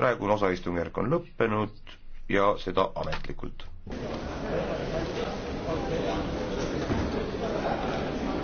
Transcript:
praegune osaistungjärk on lõppenud ja seda ametlikult.